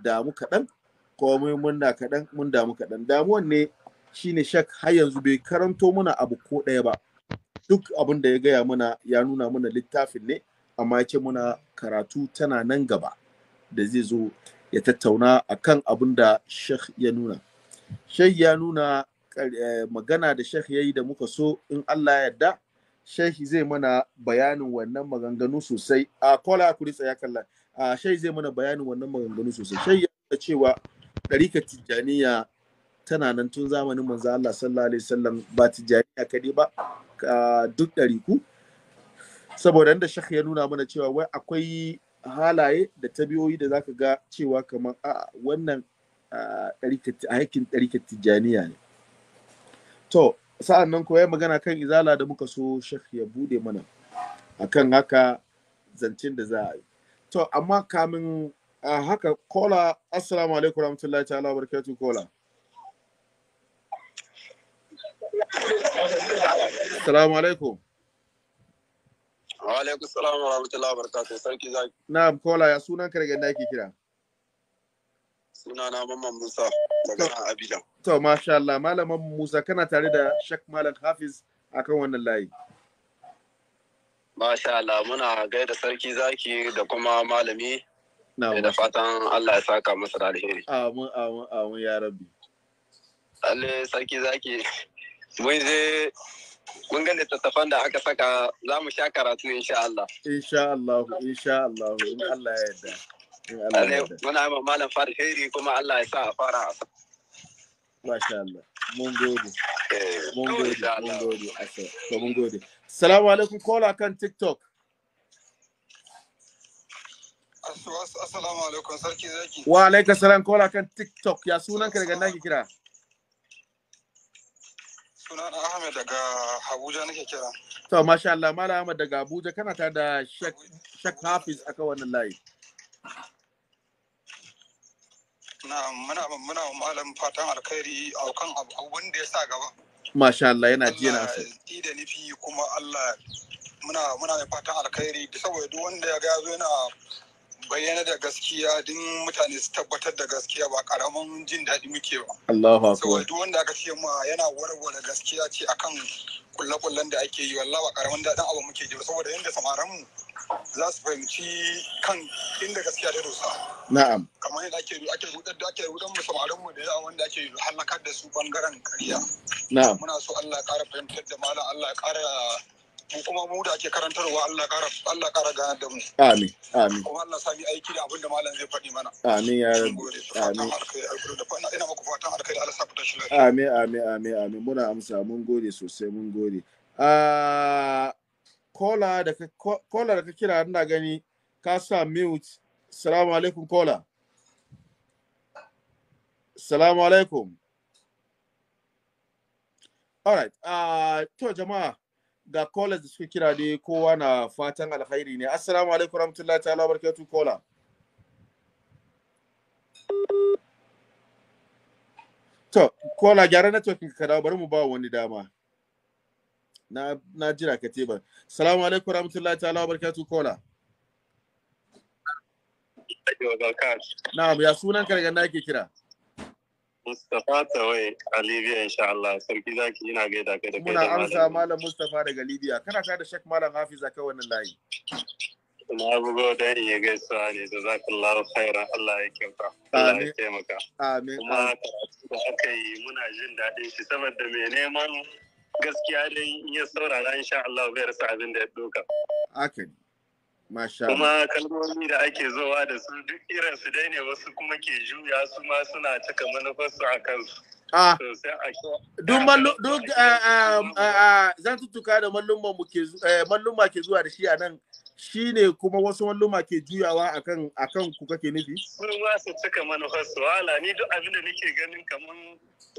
damu kaɗan komai muna kaɗan mun damu kaɗan damuwan ne shine shak har yanzu bai karanto mana abu ko ɗaya ba duk abin da ya gaya mana ya nuna mana littafin ne amma ya ce muna karatu tana nan gaba da zai zo ya tattauna akan abin da shek ya nuna shek ya nuna eh, magana da shek ya yi da muka so in allah yarda shehi zai mana bayanin wannan maganganu sosai a kola kuri tsaya kalla a zai mana bayanin wannan maganganu sosai shehi ya cewa ɗarikar tijjaniya tana nan tun zamanin manzo Allah sallallahu alaihi wasallam ba tijjaniya kadai ba duk ɗariku saboda inda shekh ya nuna mana cewa wai akwai halaye da tabiyoyi da zaka ga cewa kamar a wannan aikin ɗarikar tijjaniya ne to sa'an nan kuwa ya magana kan izala da muka so shekh ya bude mana akan haka zancen da za a yi to amma kamin a haka kola assalamu alaikum rahmatullahi ta'ala barkatu kola assalamu alaikum wa alaikum salam wa rahmatullahi wa barakatu sarki zaki na'am kola ya sunan ka daga ke kira sunana mamman musa daga abidjan to masha Allah malaman musa kana tare da shak malam hafiz akan wannan layi masha Allah muna gaida sarki zaki da kuma malami Eh, da fatan Allah ya saka masa da alheri amin amin amin ya rabbi alle sarki zaki mun je mun ga littattafan da aka saka za mu sha karatu insha Allah insha Allah insha Allah in Allah ya yarda alle muna ma malam farheri kuma Allah ya sa a fara Masha Allah. Mun gode. Eh, mun gode. Mun gode. Mun gode. Assalamu alaikum kola kan TikTok. Assalamu alaikum sarki zaki. Wa alaikum salam kola kan TikTok ya sunan ka daga ki kira. Sunan Ahmed daga Abuja nake kira. To masha Allah Malam Ahmed daga Abuja kana ta da Shak Hafiz aka wannan layi. Na'am muna muna malam fatan alkhairi a kan abubuwan da ya sa gaba. Masha Allah yana jiya na asali. Allah da nufi kuma Allah muna muna fatan alkhairi saboda duk wanda ya ga yazo yana bayyana da gaskiya din mutane su tabbatar da gaskiya ba karamin jin daɗi muke ba. Allah akbar. duk wanda aka ce ma yana warware gaskiya ce akan kulle-kullen da ake yi wallahi ba karamin daɗin abu muke ji saboda yadda samaran mu za su fahimci kan inda gaskiya ta dosa. Na'am. Kamar yadda ake ake rudar da ake rudar mu samaran mu da yawa wanda ake halakar da su bangaren ƙarya. Na'am. Muna so Allah ya ƙara fahimtar da malam Allah ya ƙara mu kuma mu da ake karantarwa Allah kara Allah kara gana da mu amin amin kuma Allah sami aiki da abin da malam zai faɗi mana amin ya rabbi amin ina muku fatan alkai Allah sa fita shi amin amin amin amin muna amsa mun gode sosai mun gode a kola da kola da ka kira ina gani ka sa mute assalamu alaikum kola assalamu alaikum all right uh, to jama'a ga callers da suka kira dai kowa na fatan alkhairi ne assalamu alaikum rahmatullahi ta'ala barkatu kola to kola gyara networking ka dawo bari mu ba wani dama na na jira ka teba assalamu alaikum rahmatullahi ta'ala barkatu kola Na ya sunan ka daga na ke kira Mustapha Tawai a Libya insha Allah sarki zaki ina gaida ka da kai da Malam amsa malam Mustapha daga Libya kana ka da Sheikh Malam Hafiz aka wannan layi Na bugo da ya suwa ne da zakallahu khairan Allah ya kyauta Allah ya taimaka amin kuma karatu da aka yi muna jin daɗin shi saboda mai neman gaskiya dai in ya saurara insha Allah bai rasa abin da ya doka Akin. kuma kalmomi da ake zowa da su duk irin su dai ne wasu kuma ke juya su ma suna cika manufarsu a kansu duk zan tuttuka da mallumma eh, ke zuwa da shi a nan shi ne kuma wasu walluma ke juyawa akan akan ku kake nufi? Wurin ma su cika manufarsu wala ni duk abin da nake ganin kamar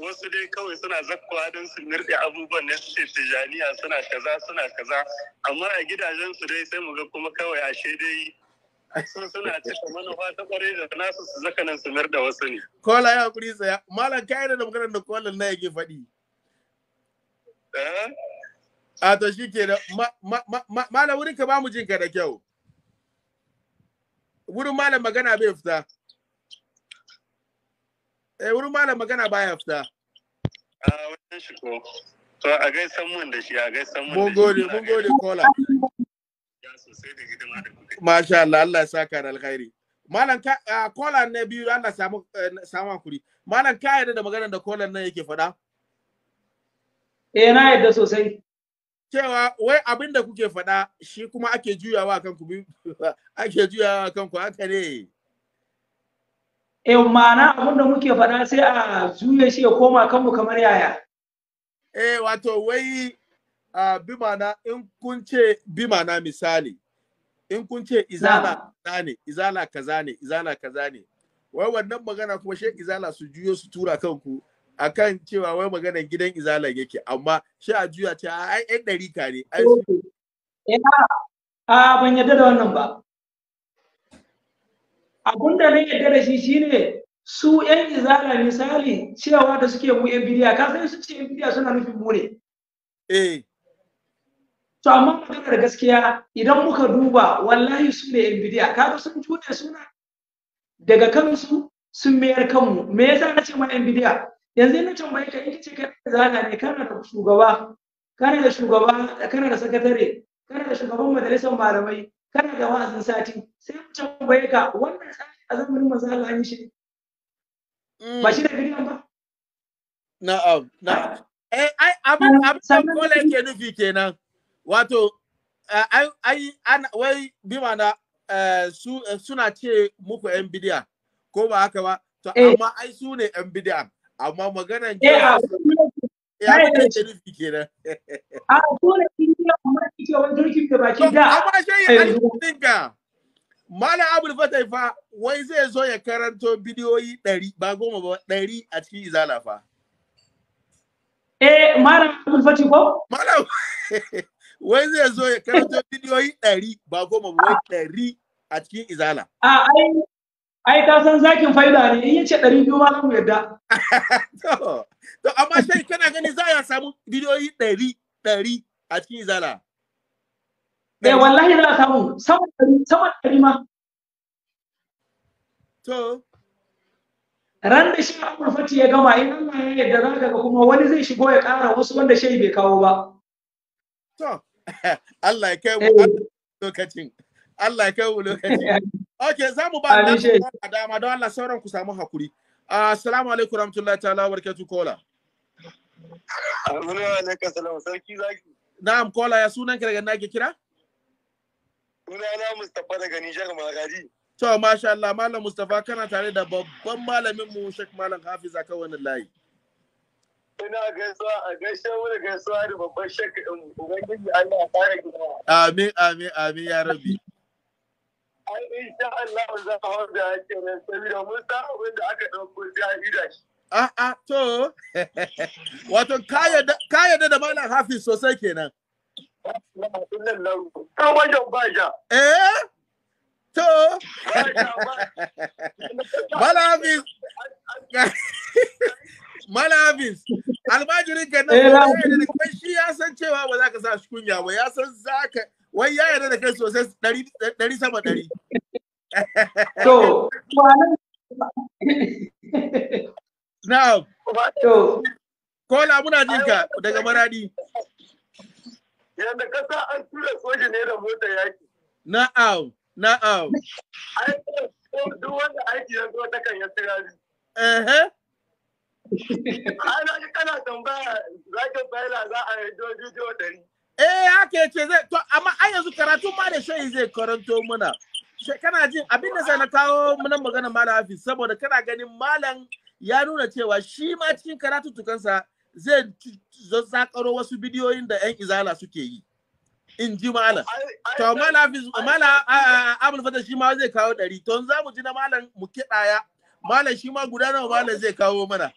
wasu dai kawai suna zakkowa don su nirɗe abubuwan na su tijaniya suna kaza suna kaza amma a gidajen su dai sai mu ga kuma kawai ashe dai sun suna cika manufa ta kwarai da nasu su zaka nan su nirɗa wasu ne. Kola ya kuri tsaya malam kai da maganar da kolan na yake faɗi. Eh? A to shi ke Malam wurin ka ba mu jinka da kyau. Wurin malam magana bai fita. Eh wurin malam magana baya fita. A wannan shi ko. To a gai mun da shi a gai mun. Mun gode mun gode kola. Ya sosai da hidima da kuka. Masha Allah Allah ya saka da alkhairi. Malam ka kola na biyu Allah samu eh, samu hakuri. Malam ka yarda da maganar da kolan nan yake faɗa? Eh na yarda sosai. cewa wai abin da kuke faɗa shi kuma ake juyawa kan ku ake juyawa kan ku haka ne eh ma'ana abin da muke faɗa sai a juye shi ya koma kanmu kamar yaya eh wato wai a bi mana in kun ce bi mana misali in kun ce izala kaza ne izala kaza ne izala kaza ne wai wannan magana kuma shi izala su juyo su tura kanku akan cewa wai maganar gidan izala yake amma shi a juya ce ai ɗan ɗarika ne ai ban yadda da wannan ba abun da na yadda da shi shine su yan izala misali cewa da suke mu yan bidiya ka san su ce yan bidiya suna nufin mu ne eh to amma maganar gaskiya idan muka duba wallahi su ne yan bidiya kaga sun jude suna daga kansu sun mayar kanmu me yasa na ce ma yan bidiya yanzu na tambaye ka in kace kai zaka ne kana da shugaba kana da shugaba kana da sakatare kana da shugaban majalisar malamai kana da wa'azin sati sai mu tambaye ka wannan tsari a zamanin manzo Allah an shi mm. ba shi da gidan ba na'am na'am eh ai abin abin da kola yake nufi kenan wato eh, ai ai an wai bi na eh, su eh, suna ce muku yan bidiya ko ba haka ba to amma ai su ne yan bidiya amma maganan ya eh, rufi eh, kenan a yi kike wani turkin da da amma shi ya ka Fatai fa wai zai zo ya karanto bidiyoyi ɗari ba goma ba ɗari a cikin izala fa. Eh Mala Abdul Fatai ko? Mala wai zai zo ya karanto bidiyoyi ɗari ba goma ba ɗari a cikin izala. A ai ai ka san zakin faida ne in yace ɗari biyu ma mu yadda to amma sai kana gani za ya samu bidiyoyi ɗari ɗari a cikin zala eh wallahi za a samu sama ɗari sama ɗari ma to ran da shi a kurfati ya gama in Allah ya yadda za ka ga kuma wani zai shigo ya ƙara wasu wanda shi bai kawo ba to Allah ya kai mu eh. lokacin Allah ya kai lokaci. Okay, za mu ba da dama don Allah sauran ku samu hakuri. Assalamu alaikum warahmatullahi ta'ala wa barakatuh kola. Na'am kola ya sunan ka daga nake kira? Sunana Mustapha daga Nijar Magadi. To masha Allah Malam Mustapha kana tare da babban malamin mu Sheikh Malam Hafiz a kan wannan layi. Ina gaisuwa a gaishe mu gaisuwa da babban Sheikh um, Ubangiji Allah ya fara gida. Amin amin amin ya rabbi. ai insha Allah za a hau da yake nan saboda mun san da aka ɗauko sai a ida shi. A'a to wato ka yarda da malam Hafiz sosai kenan. Kan wajen ba ja. Eh? To. Malam Hafiz. Malam Hafiz. Almajirin ka nan eh, kuma shi ya san cewa ba za ka sa shi kunya ba ya san za ka wai ya yarda da kai sosai ɗari sama ɗari. To, Na'am. To. Kola muna jin ka daga maradi. Yanda kasa an tura soji ne da mota yaki. Na'am, na'am. Ai, duk wanda aiki ya zo takan kan ya tirari. Eh Ai, na kana tambaya za ka bayar za a yi dojojo ɗari. eh haka yace zai to amma ai yanzu karatu ma da shehi zai karanto muna kana jin abin da na kawo muna magana malam hafiz saboda kana ganin malam ya nuna cewa shi ma cikin karatu tukansa zai zakaro wasu bidiyoyin da yan izala suke yi in ji malam to malam hafiz malam Abdul fatah shi ma zai kawo ɗari to za mu ji na malam mu kiɗaya malam shi ma guda nawa malam zai kawo mana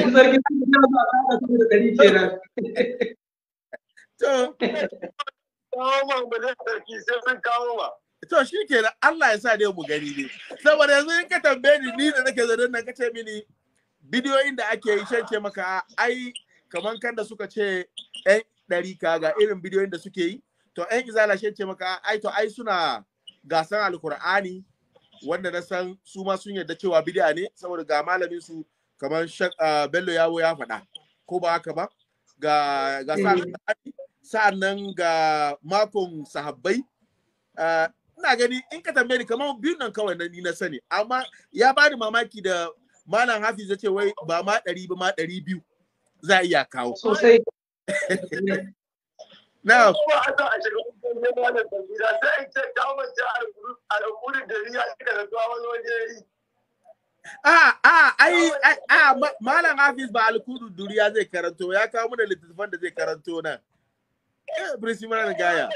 sarki ba to zai sarki sai to shi kenan Allah ya sa ne mu gani ne saboda yanzu in ka tambaye ni ni da nake zaune nan ka ce mini bidiyoyin da ake yi shan ce maka ai kaman kan da suka ce ɗan ɗari ka ga irin bidiyoyin da suke yi to ɗan izala shan ce maka ai to ai suna gasan alkur'ani wanda na san su ma sun yarda cewa bidiya ne saboda ga malamin su kamar ah, bello yawo ya faɗa ko ba haka ba ga ga eh. sa'an nan ga makon sahabbai ah, ina gani in ka tambaye ni kamar biyun nan kawai na ni na sani amma ya bani mamaki da malam hafi zace ce wai ba ma ɗari ba ma ɗari biyu za a iya kawo sosai na ba A a ai a malam Hafiz ba alkudu duriya zai karanto ya kawo mana littattafan da zai karanto nan. Eh Prince Imran Gaya.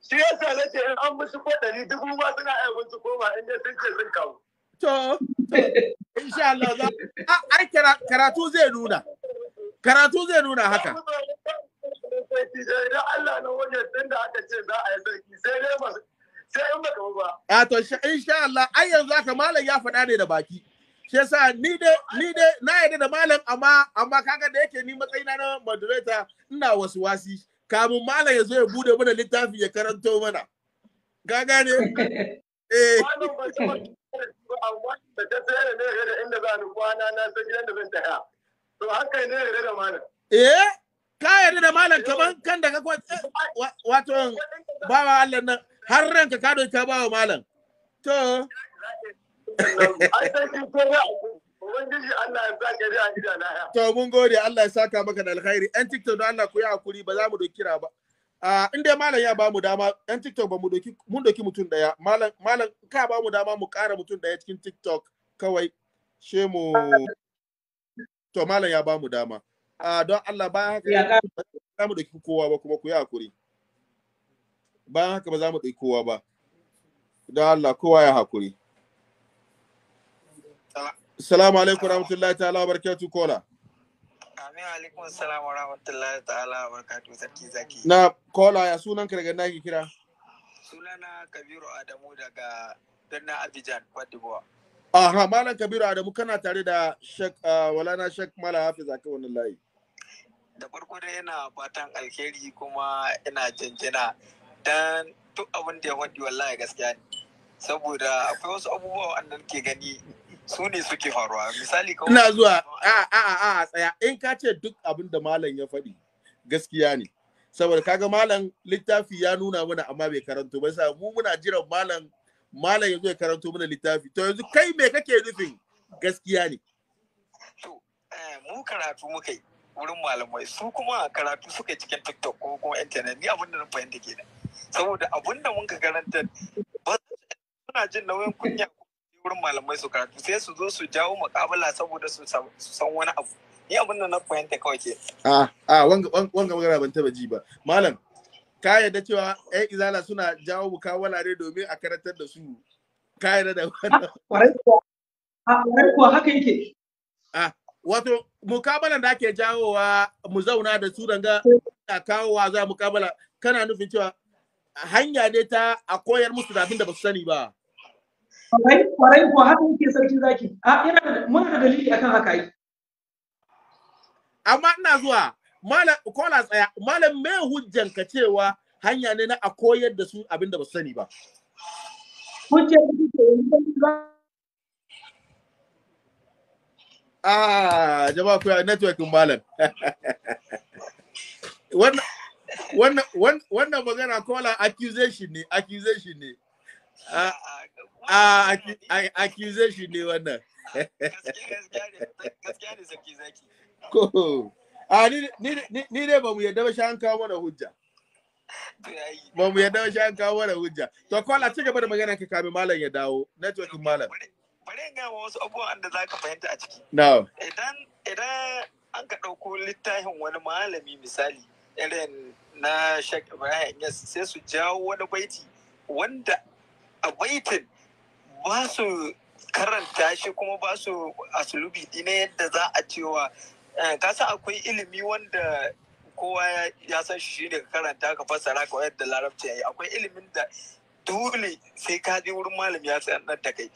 Shi yasa nace in an musu ko dari dubu ma suna ai musu koma in dai sun ce sun kawo. To insha Allah za ai karatu zai nuna. Karatu zai nuna haka. Allah na wajen da aka ce za a yi sarki sai dai masu ba. to insha Allah ai yanzu haka malam ya faɗa ne da baki. Shi yasa ni dai ni dai na yarda da malam amma amma kaga da yake ni matsayina na moderator ina wasu wasi kamun malam ya zo ya bude mana littafi ya karanto mana. Ka gane? Eh. ne da da malam. Eh? Ka yarda da malam eh. kaman kan da ka eh, wato bawa Allah nan har ranka ka ɗauki ba wa malam to To mun gode Allah ya saka maka da alkhairi. ‘Yan TikTok don Allah ku yi hakuri ba za mu doki kira ba. In dai malam ya ba mu dama, ‘yan TikTok ba mu doki, mun doki mutum daya. Malam, malam ka ba mu dama mu ƙara mutum daya cikin TikTok kawai. She mu. To malam ya ba mu dama. Don Allah ba haka. Za mu doki kowa ba kuma ku yi hakuri. bayan haka ba za mu ɗai kowa ba don Allah kowa ya haƙuri. salamu alaikum rahmatullahi ta'ala wa barakatuh kola amin alaikum salamu rahmatullahi ta'ala wa barakatuh zaki zaki na kola ya sunan ka daga na ke kira sunana kabiru adamu daga birnin abidjan cote aha malam kabiru adamu kana tare da shek walana ah, shek mala hafiz a wannan layi da farko dai yana fatan alheri kuma ina jinjina dan duk abin da ya faɗi wallahi gaskiya ne saboda akwai wasu abubuwa wanda nake gani su ne suke faruwa misali kawai ina zuwa a a a tsaya in ka ce duk abin da malam ya faɗi gaskiya ne saboda kaga malam littafi ya nuna mana amma bai karanto ba sa mu muna jiran malam malam yanzu ya karanto mana littafi to yanzu kai me kake nufin gaskiya ne to eh, mu karatu muka yi wurin malamai su kuma karatu suka cikin tiktok ko kuma internet ni abin da na fahimta kenan saboda abun da mun ka karanta ba suna jin nauyin kunya wurin malamai su karatu sai su zo su jawo makabala saboda su san wani abu ni abin da na fahimta kawai ke a a wanga wanga magana ban taba ji ba malam ka yarda cewa ƴan izala suna jawo mukawala ne domin a karantar da su ka yarda da wannan kwarai kuwa haka yake a wato mukabalan da ake jawowa mu zauna da su danga a kawowa za mukabala kana nufin cewa hanya ne ta a koyar musu da abin da ba su sani ba kwarai kwarai ko haka ke sarki zaki a ina mun da dalili akan haka yi amma ina zuwa malam kola tsaya malam me hujjan ka cewa hanya ne na a koyar da su abin da ba su sani ba hujjan Ah, jama'a kuya networking malam. Wannan wannan magana ko la accusation ne accusation ne a ah, ah, ah, accusation ne wannan ko a ni ne ba mu yadda ba shan kawo mana hujja ba mu yadda ba shan kawo mana hujja to kola ci gaba da magana ka kame malam ya dawo network malam bari ga wasu abubuwan da za ka fahimta a ciki idan idan an ka ɗauko littafin wani malami misali irin na shek Ibrahim sai su jawo wani baiti wanda a baitin ba su karanta shi kuma ba su asulubi dina yadda za a cewa eh, kasa akwai ilimi wanda kowa ya san shi shine ka karanta ka fassara ka yadda larabci yayi akwai ilimin da dole sai ka je wurin malami ya sanar da kai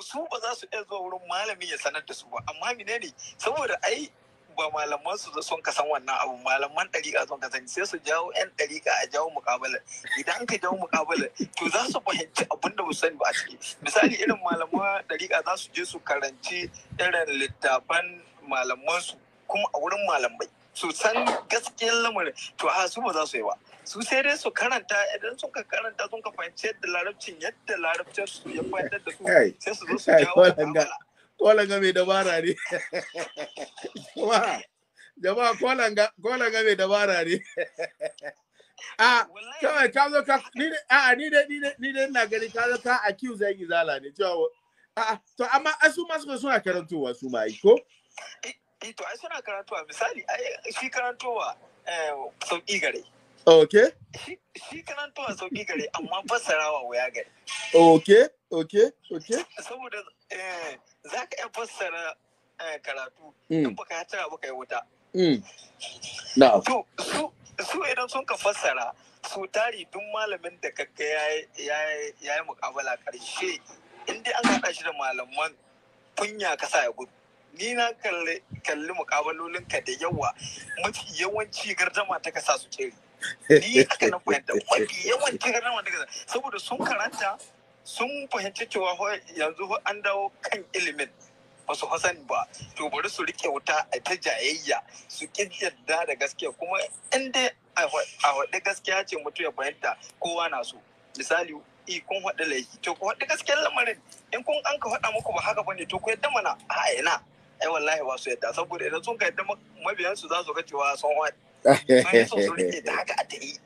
su ba za su iya zuwa wurin malami ya sanar da su ba amma menene saboda ai ba malaman su sun ka san wannan abu malaman ɗariƙa sun ka sani sai su jawo yan ɗariƙa a jawo mukabala idan ka jawo mukabala to za su fahimci abin da sani ba a ciki misali irin malaman ɗariƙa za su je su karanci irin littafan malaman su kuma a wurin malamai su san gaskiyar lamarin to a su ba za su yi ba su sai dai su karanta idan suka karanta sun ka fahimci yadda larabcin yadda larabcin su ya fahimtar da su sai su zo su jawo mukabala kolanga mai dabara ne jama'a kolanga mai dabara ne a kawai ka zo ka ah, ni a ni dai ni dai ni dai ina gani ka zo ka accuse yan zala ne cewa a ah, to amma asu ma suka suna karantowa su ma ko eh to ai suna karantowa misali ai shi karantowa eh so igare okay shi karantowa so igare amma fassarawa wuya gare okay okay okay saboda eh za ka iya fassara eh, karatu mm. in baka ya baka yi wuta. Mm. Su idan sun ka fassara su tari duk malamin da kakka ya yi mukabala karshe inda an haɗa shi da malaman kunya ka sa ya gudu. Ni na kalli mukabalolin ka da yawa mafi yawanci gardama ta kasa su ceri. Ni aka na fahimta mafi yawanci gardama ta kasa saboda sun karanta sun fahimci cewa yanzu an dawo kan ilimin ba su sani ba to bari su rike wuta a ta jayayya su ƙin yadda da gaskiya kuma inda a haɗe gaskiya ce mutum ya fahimta kowa na so misali i kun haɗe laifi to ku haɗe gaskiyar lamarin in kun an ka haɗa muku ba haka bane to ku yadda mana a ina ai wallahi ba su yadda saboda idan sun ka yadda mabiyansu za su ga cewa sun haɗe sun rike da haka a ta yi.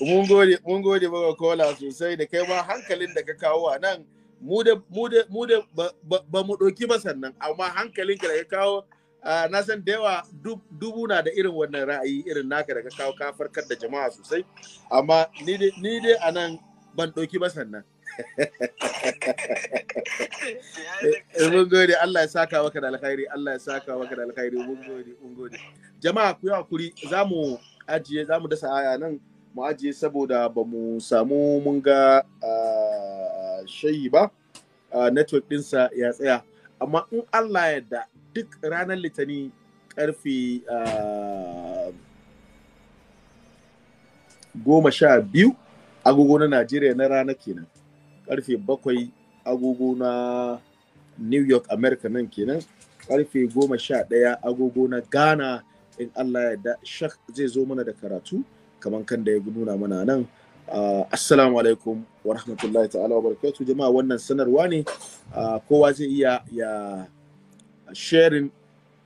mun gode mun gode kola sosai da kai ma hankalin da ka kawo a nan mu da mu da mu da ba mu doki ba sannan amma hankalin ka da ka kawo na san da yawa dubu na da irin wannan ra'ayi irin naka da ka kawo ka farkar da jama'a sosai amma ni dai ni dai a nan ban doki ba sannan eh, mun gode Allah ya saka maka da alkhairi Allah ya saka maka da alkhairi mun gode mun gode jama'a ku yi hakuri za mu ajiye za mu dasa aya nan mu ajiye saboda ba mu samu mun ga shayi ba network ɗinsa ya tsaya amma in allah yadda duk ranar litani karfe goma sha biyu agogo na najeriya na rana kenan karfe bakwai agogo na new york america nan kenan karfe goma sha ɗaya agogo na ghana in allah yadda shak zai zo mana da karatu kamar kan da ya nuna mana nan assalamu alaikum wa rahmatullahi ta'ala wa barakatu jama'a wannan sanarwa ne kowa zai iya ya sharing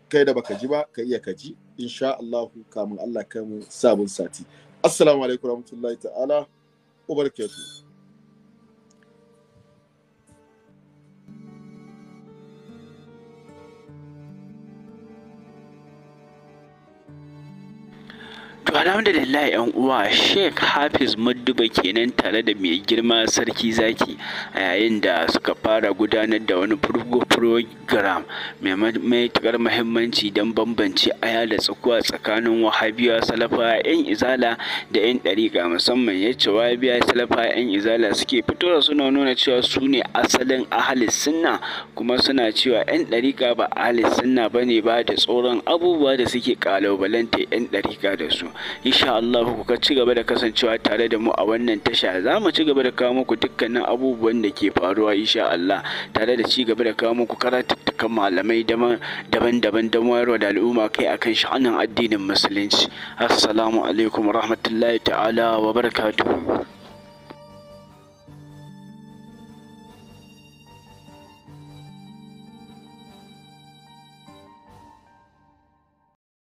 kai da baka ji ba ka iya ka ji insha Allah kamun Allah mu sabon sati assalamu alaikum wa rahmatullahi ta'ala wa barakatu To alhamdulillah yan uwa Sheikh Hafiz Madduba kenan tare da mai girma sarki zaki a yayin da suka fara gudanar da wani program mai matuƙar muhimmanci don bambance aya da tsakuwa tsakanin wahabiya salafa yan izala da yan ɗariƙa musamman ya ce wahabiya salafa yan izala suke fitowa suna nuna cewa su ne asalin ahalis sunna kuma suna cewa yan ɗariƙa ba ahalis sunna ne ba da tsoron abubuwa da suke ƙalubalanta yan ɗariƙa da su insha Allah ku ka ci gaba da kasancewa tare da mu a wannan tasha za mu ci gaba da kawo muku dukkanin abubuwan da ke faruwa insha Allah tare da ci gaba da kawo muku karatuttukan malamai daban-daban don wayarwa da al'umma kai akan sha'anin addinin musulunci assalamu alaikum rahmatullahi ta'ala wa barakatuhu